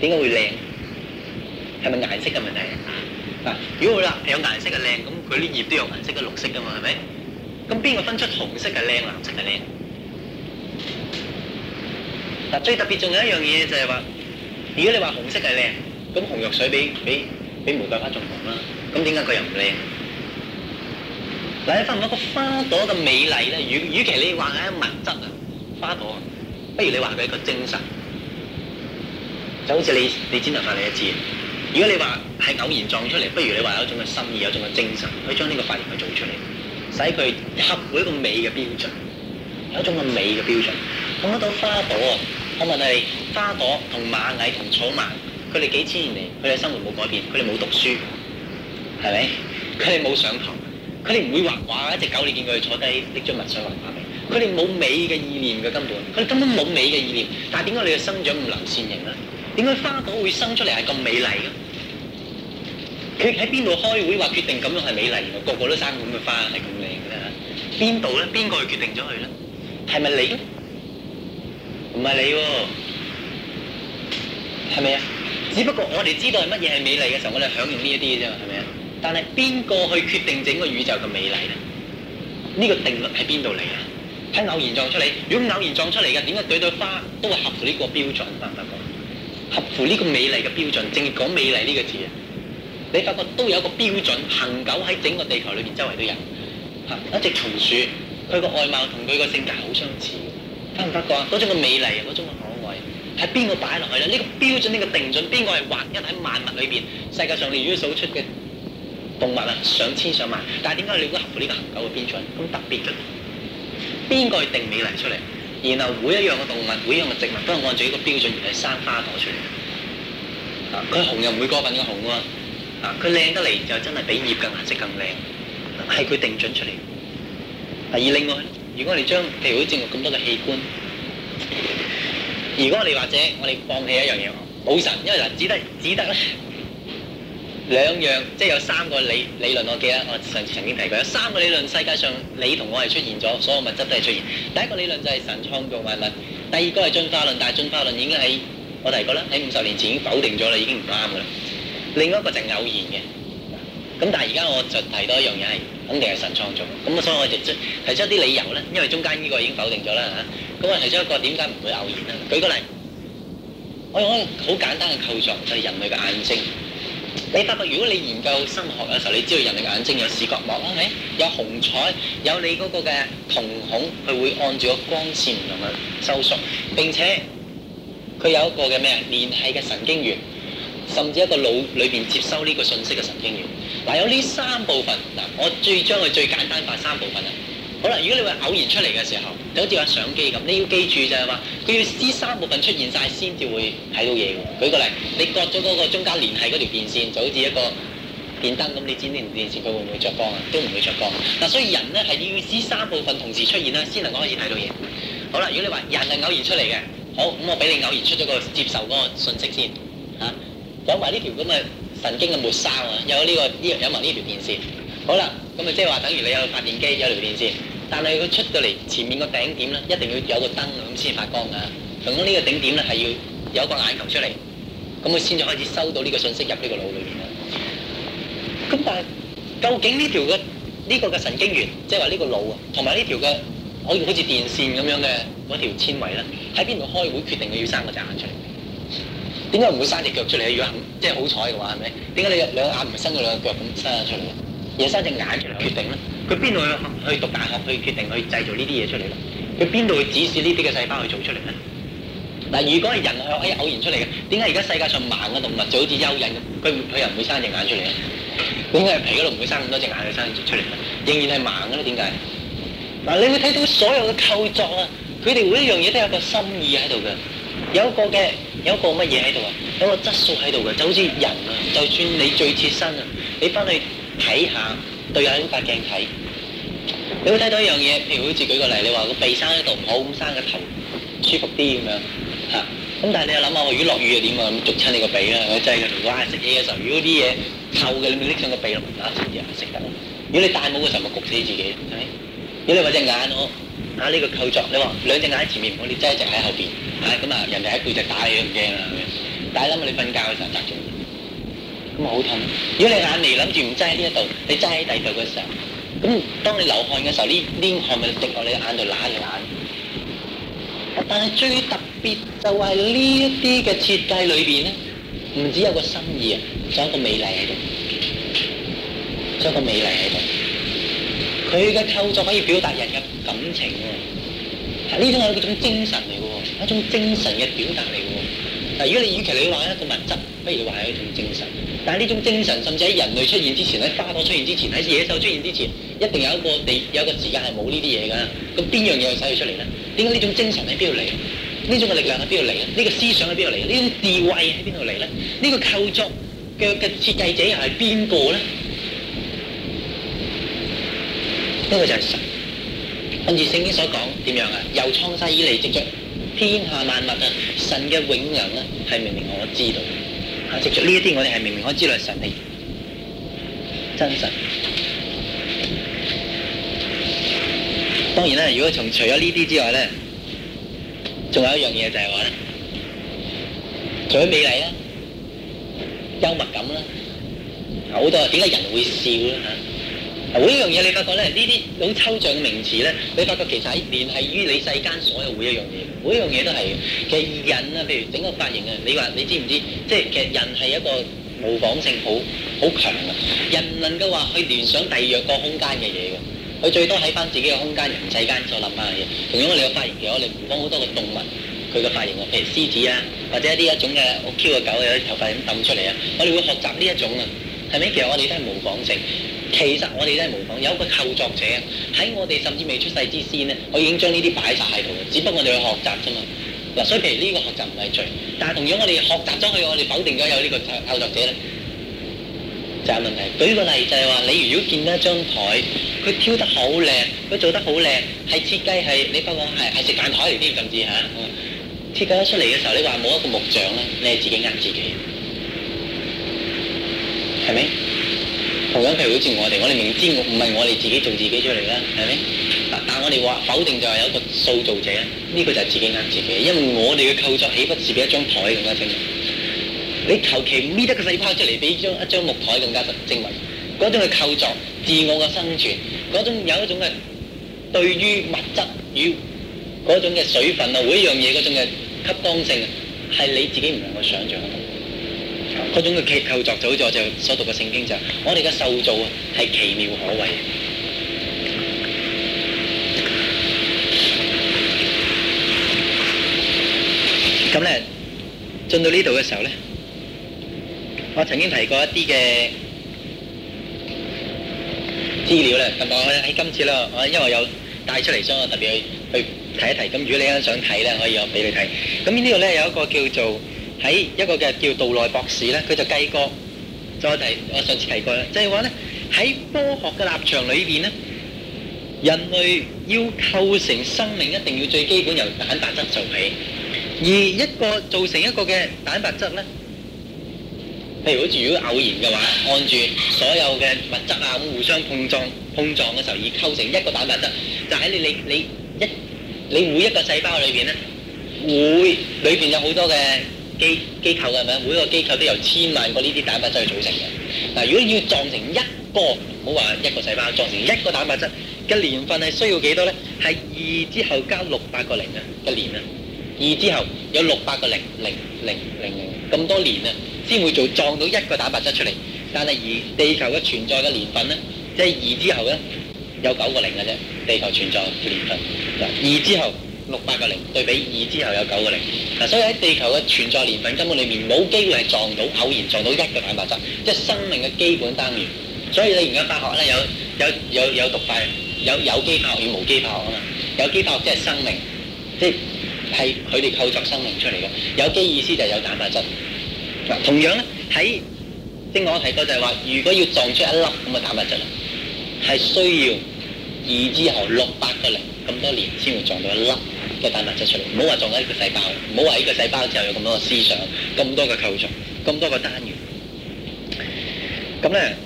點解會靚？係咪顏色嘅問題？嗱，如果好啦，有顏色嘅靚，咁佢啲葉都有顏色嘅，綠色㗎嘛，係咪？咁邊個分出紅色係靚，藍色係靚？嗱，最特別仲有一樣嘢就係話，如果你話紅色係靚，咁紅藥水比比比玫瑰花仲紅啦，咁點解佢又唔靚？嗱，你分唔分個花朵嘅美麗咧？與與其你話嗰啲物質啊，花朵，不如你話佢一個精神，就好似你你剪頭髮你一知，如果你話係偶然撞出嚟，不如你話有一種嘅心意，有一種嘅精神去將呢個髮型去做出嚟。使佢合乎一個美嘅標準，有一種嘅美嘅標準。講到花朵啊，我問你，花朵同螞蟻同草蜢，佢哋幾千年嚟，佢哋生活冇改變，佢哋冇讀書，係咪？佢哋冇上堂，佢哋唔會畫畫。一隻狗你見佢坐低，搦張襪上畫畫，佢哋冇美嘅意念嘅根本，佢哋根本冇美嘅意念。但係點解你嘅生長唔流線型咧？點解花朵會生出嚟係咁美麗嘅？佢喺邊度開會話決定咁樣係美麗？原來個個都生咁嘅花係咁靚嘅啫嚇。邊度咧？邊個去決定咗佢咧？係咪你？唔係你喎、哦，係咪啊？只不過我哋知道係乜嘢係美麗嘅時候，我哋享用呢一啲嘅啫，係咪啊？但係邊個去決定整個宇宙嘅美麗咧？呢、這個定律喺邊度嚟啊？喺偶然撞出嚟。如果偶然撞出嚟嘅，點解朵朵花都係合乎呢個標準得唔得㗎？合乎呢個美麗嘅標準，正係講美麗呢個字啊！你發覺都有一個標準，恒久喺整個地球裏邊周圍都有。嚇、啊，一隻松鼠，佢個外貌同佢個性格好相似。得唔得呀？嗰種嘅美麗，嗰種嘅可愛，係邊個擺落去咧？呢、這個標準，呢、這個定準，邊個係唯一喺萬物裏邊，世界上你如果數出嘅動物啊，上千上萬，但係點解你會合乎呢個恒久嘅標準？咁特別嘅，邊個係定美麗出嚟？然後每一樣嘅動物，每一樣嘅植物，都係按照呢個標準而係生花朵出嚟。佢、啊、紅又唔會過分嘅紅啊。佢靚得嚟就真係比葉嘅顏色更靚，係佢定準出嚟。而另外，如果我哋將地球佔咗咁多嘅器官，如果我哋或者我哋放棄一樣嘢，冇神，因為人只得只得咧兩樣，即係有三個理理論，我記得我上次曾經提過，有三個理論，世界上你同我係出現咗，所有物質都係出現。第一個理論就係神創造萬物，第二個係進化論，但係進化論已經喺我提過啦，喺五十年前已經否定咗啦，已經唔啱噶啦。另一個就偶然嘅，咁但係而家我就提到一樣嘢係肯定係神創造，咁所以我就出提出一啲理由咧，因為中間呢個已經否定咗啦嚇，咁啊我提出一個點解唔會偶然啊？舉個例，我用好簡單嘅構造就係人類嘅眼睛，你發覺如果你研究生物學嘅時候，你知道人類嘅眼睛有視網膜，係咪有虹彩，有你嗰個嘅瞳孔，佢會按住個光線唔同嘅收縮，並且佢有一個嘅咩啊連係嘅神經元。甚至一個腦裏邊接收呢個信息嘅神經元，嗱、啊、有呢三部分嗱、啊，我最將佢最簡單化三部分啊。好啦，如果你話偶然出嚟嘅時候，就好似話相機咁，你要記住就係話，佢要呢三部分出現晒先至會睇到嘢喎、啊。舉個例，你割咗嗰個中間連係嗰條電線，就好似一個電燈咁，你剪呢條電線，佢會唔會着光啊？都唔會着光。嗱、啊，所以人咧係要呢三部分同時出現啦，先能夠可以睇到嘢。好啦，如果你話人係偶然出嚟嘅，好咁，我俾你偶然出咗個接受嗰個信息先嚇。啊。有埋呢條咁嘅神經嘅末梢啊，有呢、呢個呢有埋呢條電線。好啦，咁啊即係話等於你有個發電機有條電線，但係佢出到嚟前面個頂點咧，一定要有個燈咁先發光㗎。咁呢個頂點咧係要有一個眼球出嚟，咁佢先至開始收到呢個信息入呢個腦裏面。咁但係究竟呢條嘅呢、呢個嘅神經元，即係話呢個腦啊，同埋呢條嘅可以好似電線咁樣嘅嗰條纖維咧，喺邊度開會決定佢要生個隻眼出嚟？點解唔會生隻腳出嚟咧？如果即係好彩嘅話，係咪？點解你兩眼唔係伸兩個兩腳咁伸咗出嚟？而係伸隻眼出嚟？決定咧。佢邊度去去讀大學去決定去製造呢啲嘢出嚟咧？佢邊度去指示呢啲嘅細胞去做出嚟咧？嗱，如果係人係偶然出嚟嘅，點解而家世界上盲嘅動物就好似蚯蚓咁？佢佢又唔會生隻眼出嚟咧？點解皮嗰度唔會生咁多隻眼去生出嚟咧？仍然係盲嘅咧，點解？嗱，你會睇到所有嘅構造啊，佢哋每一樣嘢都有個心意喺度嘅，有一個嘅。有一個乜嘢喺度啊？有一個質素喺度嘅，就好似人啊，就算你最切身啊，你翻去睇下對眼呢塊鏡睇，你會睇到一樣嘢。譬如好似舉個例，你話個鼻生喺度唔好咁生個頭，舒服啲咁樣嚇。咁但係你又諗下，如果落雨又點啊？咁焗親你個鼻啊，真如果啊！食嘢嘅時候，如果啲嘢臭嘅，你咪拎上個鼻咯。啊，食嘢食得。如果你戴帽嘅時候咪焗死自己，係咪？如果你話隻眼我啊呢個構作，你話兩隻眼喺前面，我哋擠一隻喺後邊。係咁啊，人哋喺背脊打你咁驚啊！但係諗下啊，你瞓覺嘅時候扎住，咁啊好痛！如果你眼眉諗住唔擠喺呢一度，你擠喺第二度嘅時候，咁當你流汗嘅時候，呢呢汗咪滴落你眼度攔一攔。但係最特別就係呢一啲嘅設計裏邊咧，唔止有個心意啊，仲有個美麗喺度，仲有個美麗喺度。佢嘅構作可以表達人嘅感情喎。呢種係一種精神嚟嘅喎，一種精神嘅表達嚟嘅喎。嗱，如果你與其你話一個物質，不如你話係一種精神。但係呢種精神，甚至喺人類出現之前，喺花朵出現之前，喺野獸出現之前，一定有一個地有一個時間係冇呢啲嘢嘅。咁邊樣嘢使佢出嚟咧？點解呢種精神喺邊度嚟？呢種嘅力量喺邊度嚟？呢、呢個思想喺邊度嚟？呢種地位喺邊度嚟咧？呢個、作呢、呢個構造嘅嘅設計者又係邊個咧？呢個就係神。跟住聖經所講點樣啊？由創世以嚟，直至天下萬物啊，神嘅永能咧係明明我知道，直至呢一啲我哋係明明可以知道神嘅真實。當然啦，如果從除咗呢啲之外咧，仲有一樣嘢就係話咧，除咗美麗啦，幽默感啦，好多點解人會笑咧嚇？每一樣嘢，你發覺咧，呢啲好抽象嘅名詞咧，你發覺其實喺聯繫於你世間所有每一樣嘢，每一樣嘢都係嘅。其實人啊，譬如整個髮型啊，你話你知唔知？即係其實人係一個模仿性好好強啊，人，唔能夠話去聯想第二個空間嘅嘢嘅。佢最多喺翻自己嘅空間人世間再諗下嘅嘢。同樣我哋個髮型，其實我哋模仿好多個動物佢個髮型啊，譬如獅子啊，或者一啲一種嘅 Q 嘅狗，有啲頭髮噉揼出嚟啊，我哋會學習呢一種啊，係咪？其實我哋都係模仿性。其實我哋都係模仿，有一個構作者喺我哋甚至未出世之先咧，我已經將呢啲擺晒喺度。只不過我哋去學習啫嘛。嗱，所以譬如呢個學習唔係罪，但係同樣我哋學習咗佢，我哋否定咗有呢個構作者咧，就係問題。舉個例就係話，你如果見到一張台，佢挑得好靚，佢做得好靚，係設計係你不過係係食飯台嚟添，甚至嚇設計一出嚟嘅時候，你話冇一個木匠咧，你係自己呃自己，係咪？同樣，譬如好似我哋，我哋明知唔係我哋自己做自己出嚟啦，係咪？嗱，但係我哋話否定就係有一個塑造者啊，呢個就係自己呃自己，因為我哋嘅構作起不似比一張台更加精密。你求其搣得個細胞出嚟，比張一張木台更加精密。嗰種嘅構作，自我嘅生存，嗰種有一種嘅對於物質與嗰種嘅水分啊，每一樣嘢嗰種嘅吸光性啊，係你自己唔能夠想像。嗰種嘅結構作組作就所讀嘅聖經就，我哋嘅受造啊係奇妙可畏嘅。咁咧進到呢度嘅時候咧，我曾經提過一啲嘅資料啦，咁我喺今次咧，我因為有帶出嚟，所以我特別去去睇一睇。咁如果你啱想睇咧，我可以我俾你睇。咁呢度咧有一個叫做。喺一個嘅叫道內博士咧，佢就計過。再提我上次提過啦，即係話咧喺科學嘅立場裏邊咧，人類要構成生命，一定要最基本由蛋白質做起。而一個造成一個嘅蛋白質咧，譬如如果如果偶然嘅話，按住所有嘅物質啊咁互相碰撞碰撞嘅時候，而構成一個蛋白質，就喺你你你一你每一個細胞裏邊咧，會裏邊有好多嘅。機機構嘅係咪？每個機構都由千萬個呢啲蛋白質去組成嘅。嗱，如果要撞成一個，唔好話一個細胞，撞成一個蛋白質嘅年份係需要幾多呢？係二之後加六百個零啊嘅年啊，二之後有六百個零零零零零咁多年啊，先會做撞到一個蛋白質出嚟。但係而地球嘅存在嘅年份呢，即係二之後呢，有九個零嘅啫。地球存在嘅年份，二之後。六百個零對比二之後有九個零，嗱、啊，所以喺地球嘅存在年份根本裏面冇機會係撞到偶然撞到一個蛋白質，即係生命嘅基本單元。所以你而家化學咧有有有有，有毒塊，有有機化學與無機化學啊嘛，有機化學即係生命，即係佢哋構造生命出嚟嘅。有機意思就係有蛋白質。啊、同樣咧喺先我提過就係話，如果要撞出一粒咁嘅蛋白質，係需要二之後六百個零咁多年先會撞到一粒。個蛋白質出嚟。唔好話撞喺一個細胞，唔好話依個細胞之後有咁多個思想、咁多個構造、咁多個單元。咁咧，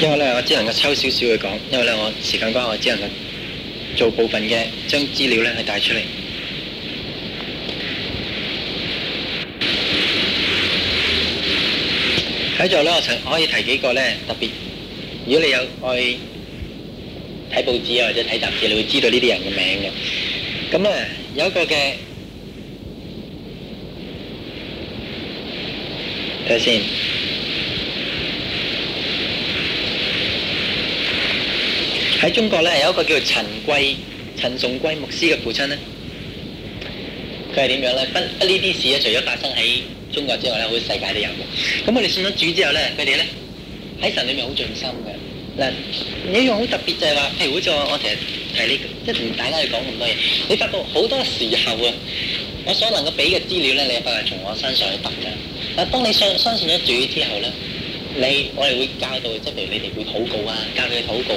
因為咧，我只能夠抽少少去講，因為咧，我時間關係，我只能夠做部分嘅，將資料咧係帶出嚟。喺座咧，我可可以提幾個咧特別。如果你有去睇報紙啊，或者睇雜誌，你會知道呢啲人嘅名嘅。咁啊，有一個嘅睇先。喺中國咧，有一個叫陳貴、陳崇貴牧師嘅父親咧，佢係點樣咧？不不，呢啲事咧，除咗發生喺中國之外咧，會世界都有嘅。咁我哋信咗主之後咧，佢哋咧喺神裏面好盡心嘅。嗱，有一樣好特別就係話，譬如好似我我成日提呢，即係同大家去講咁多嘢。你發覺好多時候啊，我所能夠俾嘅資料咧，你係發覺係從我身上去得嘅。嗱，當你信相信咗主之後咧，你我哋會教導，即係譬如你哋會禱告啊，教佢去禱告。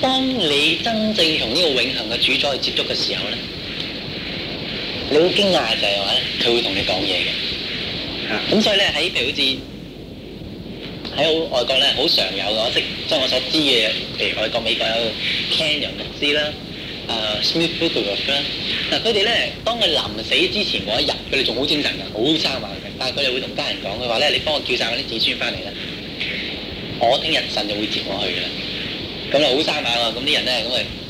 當你真正同呢個永恒嘅主宰去接觸嘅時候咧，你好驚訝就係話咧，佢會同你講嘢嘅。咁、嗯、所以咧，喺譬如好似喺外國咧，好常有嘅，我識，即係我所知嘅，譬如外國美國有 Canyon 嘅知啦，啊 Smithfield 嘅知啦，嗱佢哋咧，當佢臨死之前嗰一日，佢哋仲好精神嘅，好生猛嘅，但係佢哋會同家人講嘅話咧，你幫我叫晒我啲子孫翻嚟啦，我聽日神就會接我去嘅啦，咁啊好生猛啊，咁啲人咧咁佢。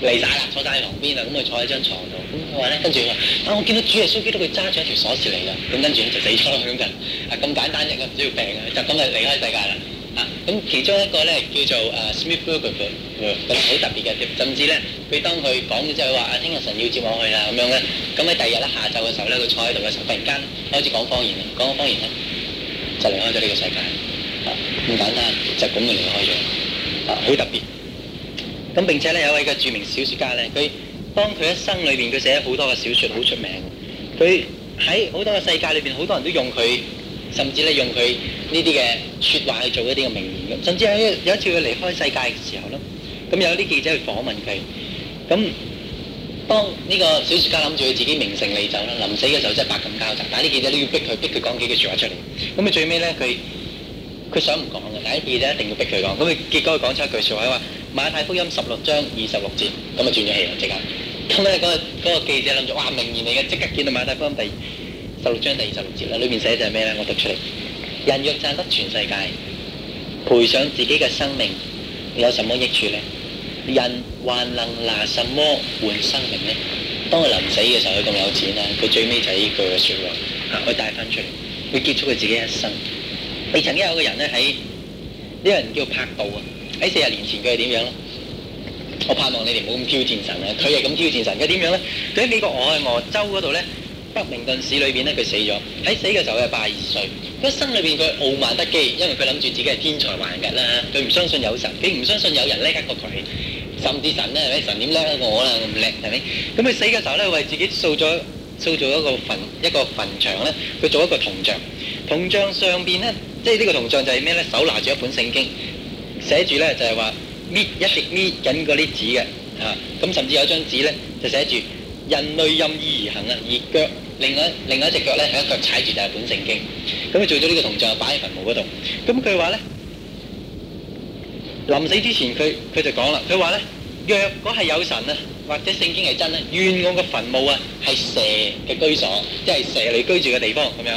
嚟晒啦，坐晒喺旁邊啦，咁佢坐喺張床度。咁佢話咧，跟住話啊，但我見到主耶穌基督佢揸住一條鎖匙嚟㗎，咁跟住咧就死咗啦咁嘅，啊咁簡單嘅，唔需要病嘅，就咁就離開世界啦。啊，咁其中一個咧叫做啊 Smith Burger 咁好特別嘅，甚至咧佢當佢講咗之後話啊，聽日神要接我去啦咁樣咧，咁喺第二日咧下晝嘅時候咧，佢坐喺度嘅時候突然間開始講方言，講緊方言咧就離開咗呢個世界，啊咁簡單，就咁就離開咗，啊好特別。咁並且咧有一位嘅著名小説家咧，佢當佢一生裏邊佢寫咗好多嘅小説，好出名。佢喺好多嘅世界裏邊，好多人都用佢，甚至咧用佢呢啲嘅説話去做一啲嘅名言咁。甚至喺有一次佢離開世界嘅時候咧，咁有啲記者去訪問佢。咁當呢個小説家諗住佢自己名成利就啦，臨死嘅時候真係百感交集。但係啲記者都要逼佢，逼佢講幾句説話出嚟。咁佢最尾咧，佢佢想唔講嘅，但係啲記者一定要逼佢講。咁佢結果佢講出一句説話話。馬太福音十六章二十六節，咁啊轉咗氣啦，即刻。咁咧嗰個嗰個記者諗住，哇，明言嚟嘅，即刻見到馬太福音第十六章第二十六節啦。裏面寫就係咩咧？我讀出嚟。人若賺得全世界，賠上自己嘅生命，有什麼益處咧？人還能拿什麼換生命咧？當佢臨死嘅時候，佢咁有錢啦，佢最尾就係呢句嘅説話佢帶翻出嚟，佢結束佢自己一生。你曾經有個人咧喺呢個人叫做柏道啊。喺四十年前佢係點樣咯？我盼望你哋唔好咁挑戰神啊！佢係咁挑戰神，佢點樣咧？佢喺美國俄亥俄州嗰度咧，北明頓市裏邊咧，佢死咗。喺死嘅時候咧，佢係八十二歲。佢心裏邊佢傲慢得機，因為佢諗住自己係天才萬人啦。佢唔相信有神，佢唔相信有人叻過佢。甚至神咧，神點叻過我啊？咁叻係咪？咁佢死嘅時候咧，為自己塑咗塑造一個墳一個墳場咧，佢做一個銅像。銅像上邊咧，即係呢個銅像就係咩咧？手拿住一本聖經。寫住咧就係話搣一直搣緊嗰啲紙嘅嚇咁，甚至有一張紙咧就寫住人類任意而行啊，而腳另外另外一隻腳咧係一腳踩住就係本聖經，咁佢做咗呢個銅像擺喺墳墓嗰度，咁佢話咧臨死之前佢佢就講啦，佢話咧若果係有神啊，或者聖經係真咧，願我個墳墓啊係蛇嘅居所，即係蛇嚟居住嘅地方咁樣。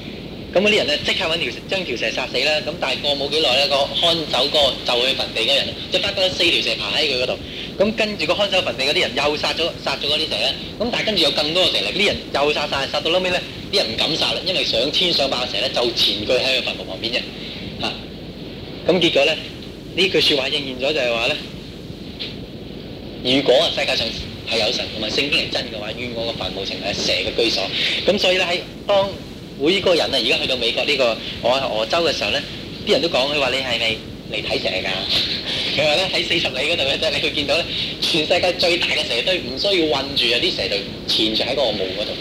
咁嗰啲人咧，即刻揾條蛇將條蛇殺死啦！咁但係過冇幾耐咧，個看守個就去墳地嗰人，就得嗰四條蛇爬喺佢嗰度。咁跟住個看守墳地嗰啲人又殺咗殺咗嗰啲蛇，咁但係跟住有更多嘅蛇咧，啲人又殺曬，殺到撈尾咧，啲人唔敢殺啦，因為上千上百個蛇咧就潛居喺佢墳墓旁邊啫。嚇！咁結果咧，呢句説話應驗咗，就係話咧，如果啊世界上係有神同埋聖經係真嘅話，願我個墳墓成為蛇嘅居所。咁所以咧，喺當每一個人啊，而家去到美國呢、呢個我俄州嘅時候咧，啲人都講佢話你係咪嚟睇蛇㗎？佢話咧喺四十里嗰度咧，即係你會見到咧，全世界最大嘅蛇堆，唔需要困住啊，啲蛇就纏住喺個墓嗰度，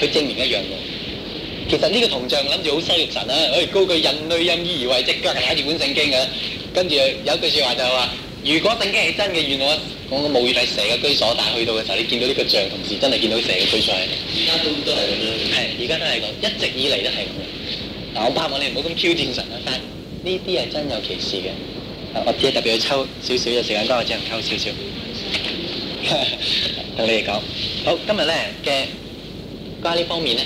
佢證明一樣喎。其實呢個銅像諗住好犀利神啊，誒高過人類任以為之，即腳係睇住本聖經嘅，跟住有一句説話就係、是、話。如果聖經係真嘅原來，我我冇預計蛇嘅居所，但係去到嘅時候，你見到呢個像，同時真係見到蛇嘅居所。而家都都係咁。係，而家都係咁，一直以嚟都係咁。嗱，我盼望你唔好咁挑戰神啦，但係呢啲係真有其事嘅。啊，我只係，特別去抽少少嘅時間，當我只能抽少少，同你哋講。好，今日咧嘅家呢方面咧，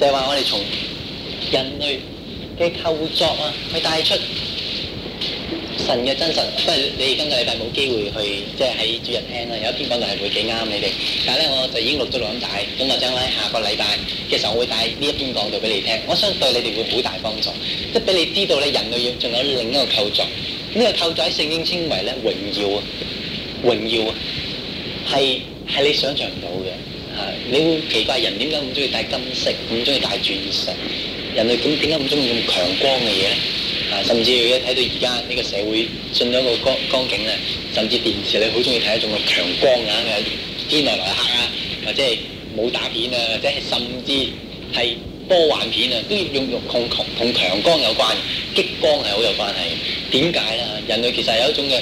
就係話我哋從人類嘅構作啊，去帶出。神嘅真實，不過你哋今個禮拜冇機會去，即係喺主日聽啦。有一篇講道係會幾啱你哋，但係咧我就已經錄咗兩大，咁啊將喺下個禮拜，其實我會帶呢一篇講道俾你聽。我相信對你哋會好大幫助，即係俾你知道咧人類要仲有另一個構造，呢、這個構造喺聖經稱為咧榮耀啊，榮耀啊，係係你想象唔到嘅嚇。你會奇怪人點解咁中意戴金色，咁中意戴鑽石，人類咁點解咁中意用強光嘅嘢咧？啊！甚至一睇到而家呢個社會進咗個光光景咧，甚至電視你好中意睇一種嘅強光啊天來來客啊，或者係武打片啊，或者係甚至係科幻片啊，都用用同強同強光有關，激光係好有關係。點解咧？人類其實係有一種嘅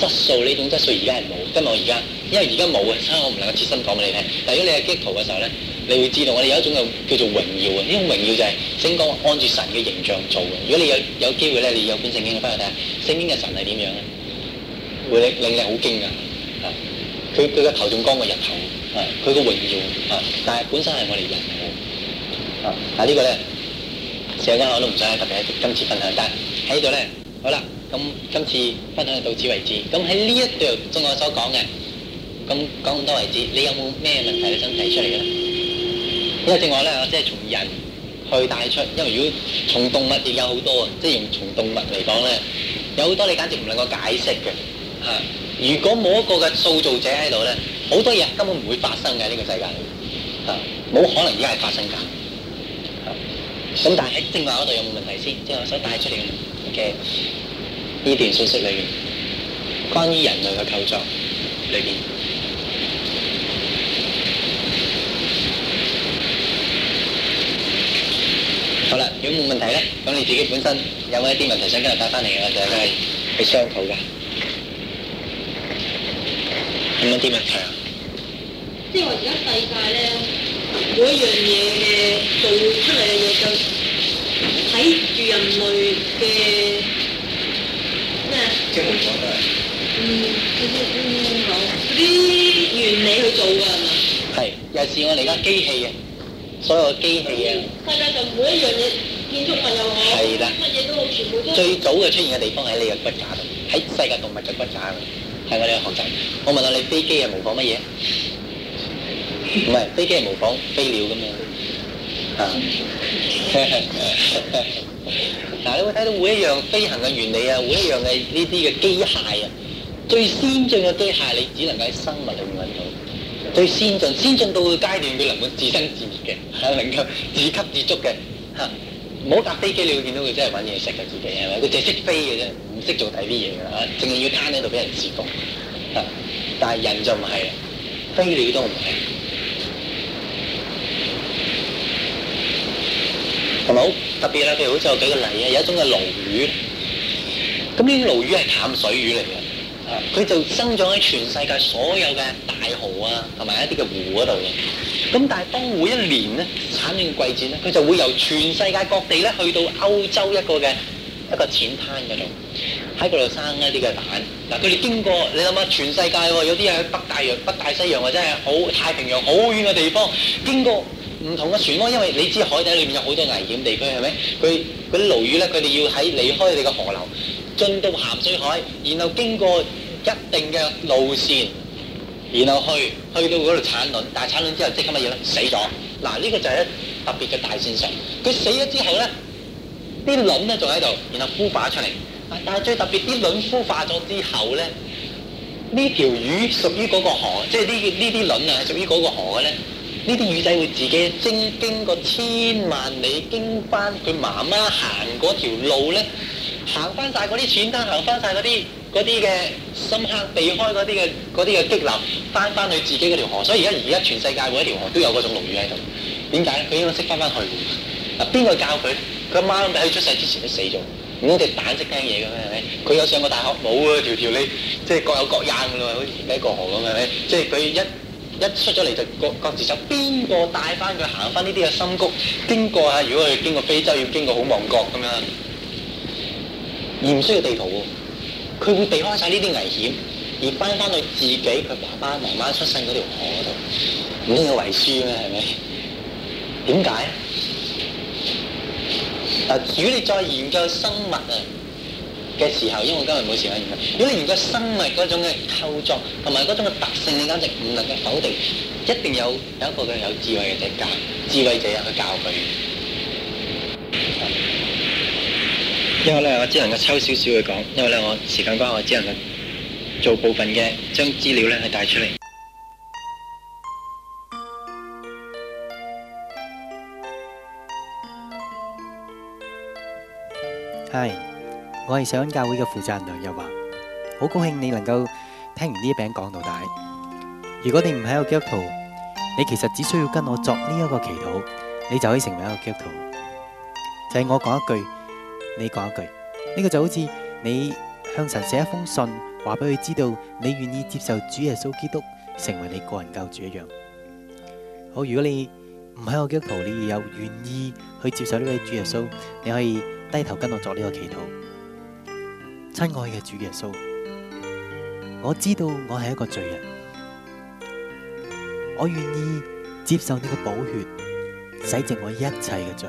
質素，呢種質素而家係冇。今日我而家，因為而家冇啊，所以我唔能夠切身講俾你聽。但如果你係激圖嘅時候咧。你會知道，我哋有一種叫做榮耀啊！呢種榮耀就係聖光按住神嘅形象做嘅。如果你有有機會咧，你有本聖經，你翻去睇下，聖經嘅神係點樣咧？會令你好驚㗎，佢佢個頭仲光過日頭，佢、啊、個榮耀，啊！但係本身係我哋人嚟嗱、啊啊、呢個咧，成間我都唔想特別喺今次分享，但喺呢度咧，好啦，咁今次分享到此為止。咁喺呢一段中，我所講嘅，咁講咁多為止，你有冇咩問題你想提出嚟咧？因為正話咧，我即係從人去帶出，因為如果從動物亦有好多啊，即係從動物嚟講咧，有好多你簡直唔能夠解釋嘅嚇。如果冇一個嘅塑造者喺度咧，好多嘢根本唔會發生嘅呢個世界嚇，冇可能而家係發生㗎。咁但係喺正話嗰度有冇問題先？即係我想帶出嚟嘅呢段信息裏面，關於人類嘅構造裏邊。好啦，如果冇問題咧，咁你自己本身有冇一啲問題想跟住帶翻嚟啊？就係去商討㗎。有冇啲問題啊？即係話而家世界咧，有一樣嘢嘅做出嚟嘅嘢就睇住人類嘅咩啊？即係唔講得啊？嗯，嗰啲嗰啲原理去做㗎係嘛？係，又是我哋而家機器啊。所有機器啊，世界上每一樣嘢，建築物又好，乜嘢都，全部最早嘅出現嘅地方喺你嘅骨架度，喺世界動物嘅骨架度，係我哋去學習。我問下你，飛機係模仿乜嘢？唔係，飛機係模仿飛鳥㗎嘛。嚇！嗱，你會睇到每一樣飛行嘅原理啊，每一樣嘅呢啲嘅機械啊，最先進嘅機械你只能夠喺生物裏面揾到。最先進、先進到嘅階段，佢能夠自生自滅嘅，嚇，能夠自給自足嘅，嚇。唔好搭飛機，你會見到佢真係揾嘢食嘅自己係咪？佢淨係識飛嘅啫，唔識做第啲嘢嘅嚇，淨係要攤喺度俾人自服。但係人就唔係啦，飛鳥都唔係。係咪好？特別啦，譬如好似有幾個例啊，有一種嘅鱸魚，咁呢啲鱸魚係淡水魚嚟嘅。佢就生長喺全世界所有嘅大河啊，同埋一啲嘅湖嗰度嘅。咁但係當每一年咧產卵季節咧，佢就會由全世界各地咧去到歐洲一個嘅一個淺灘嗰度，喺嗰度生一啲嘅蛋。嗱、啊，佢哋經過你諗下，全世界、哦、有啲喺北大洋、北大西洋啊，或者係好太平洋好遠嘅地方，經過唔同嘅船灣，因為你知海底裏面有好多危險地區係咪？佢啲鱸魚咧，佢哋要喺離開你嘅河流，進到鹹水海，然後經過，一定嘅路線，然後去去到嗰度產卵，但係產卵之後即係乜嘢咧？死咗。嗱，呢個就係特別嘅大線上。佢死咗之後咧，啲卵咧仲喺度，然後孵化出嚟。但係最特別啲卵孵化咗之後咧，呢條魚屬於嗰個河，即係呢呢啲卵啊屬於嗰個河嘅咧。呢啲魚仔會自己經經過千萬里經，經翻佢媽媽行嗰條路咧。行翻晒嗰啲淺灘，行翻晒嗰啲啲嘅深坑避開嗰啲嘅啲嘅激流，翻翻去自己嗰條河。所以而家而家全世界每條河都有嗰種鱸魚喺度。點解？佢應該識翻翻去。嗱、啊，邊個教佢？佢阿媽咪喺出世之前都死咗。咁隻蛋識聽嘢嘅咩？佢有上過大學冇啊？條條你即係各有各樣嘅咯，好似喺各河咁嘅。即係佢一一出咗嚟就各各自走。邊個帶翻佢行翻呢啲嘅深谷？經過啊！如果佢經過非洲，要經過好望角咁樣。而唔需要地圖，佢會避開晒呢啲危險，而翻翻去自己佢爸爸媽媽出生嗰條河度，唔通佢遺書咩？係咪？點解？嗱、啊，如果你再研究生物啊嘅時候，因為我今日冇時間研究，如果你研究生物嗰種嘅構造同埋嗰種嘅特性，你簡直唔能夠否定，一定有有一個佢有智慧嘅者教，智慧者去教佢。因為咧，我只能夠抽少少去講，因為咧我時間關係，只能夠做部分嘅，將資料咧去帶出嚟。係，我係聖恩教會嘅負責人梁日華，好高興你能夠聽完呢一餅講道帶。如果你唔係一個基督徒，你其實只需要跟我作呢一個祈禱，你就可以成為一個基督徒。就係我講一句。你講一句，呢個就好似你向神寫一封信，話俾佢知道你願意接受主耶穌基督成為你個人救主一樣。好，如果你唔喺我基督徒，你有願意去接受呢位主耶穌，你可以低頭跟我作呢個祈禱。親愛嘅主耶穌，我知道我係一個罪人，我願意接受你嘅寶血洗淨我一切嘅罪。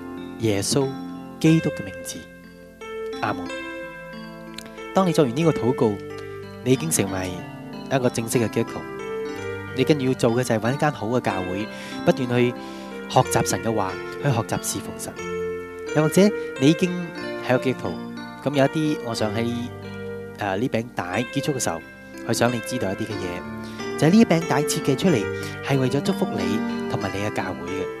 耶穌基督嘅名字，阿門。當你做完呢個禱告，你已經成為一個正式嘅基督徒。你跟住要做嘅就係揾一間好嘅教會，不斷去學習神嘅話，去學習侍奉神。又或者你已經係個基督徒，咁有一啲，我想喺誒呢餅帶結束嘅時候，我想你知道一啲嘅嘢，就係呢餅帶設計出嚟係為咗祝福你同埋你嘅教會嘅。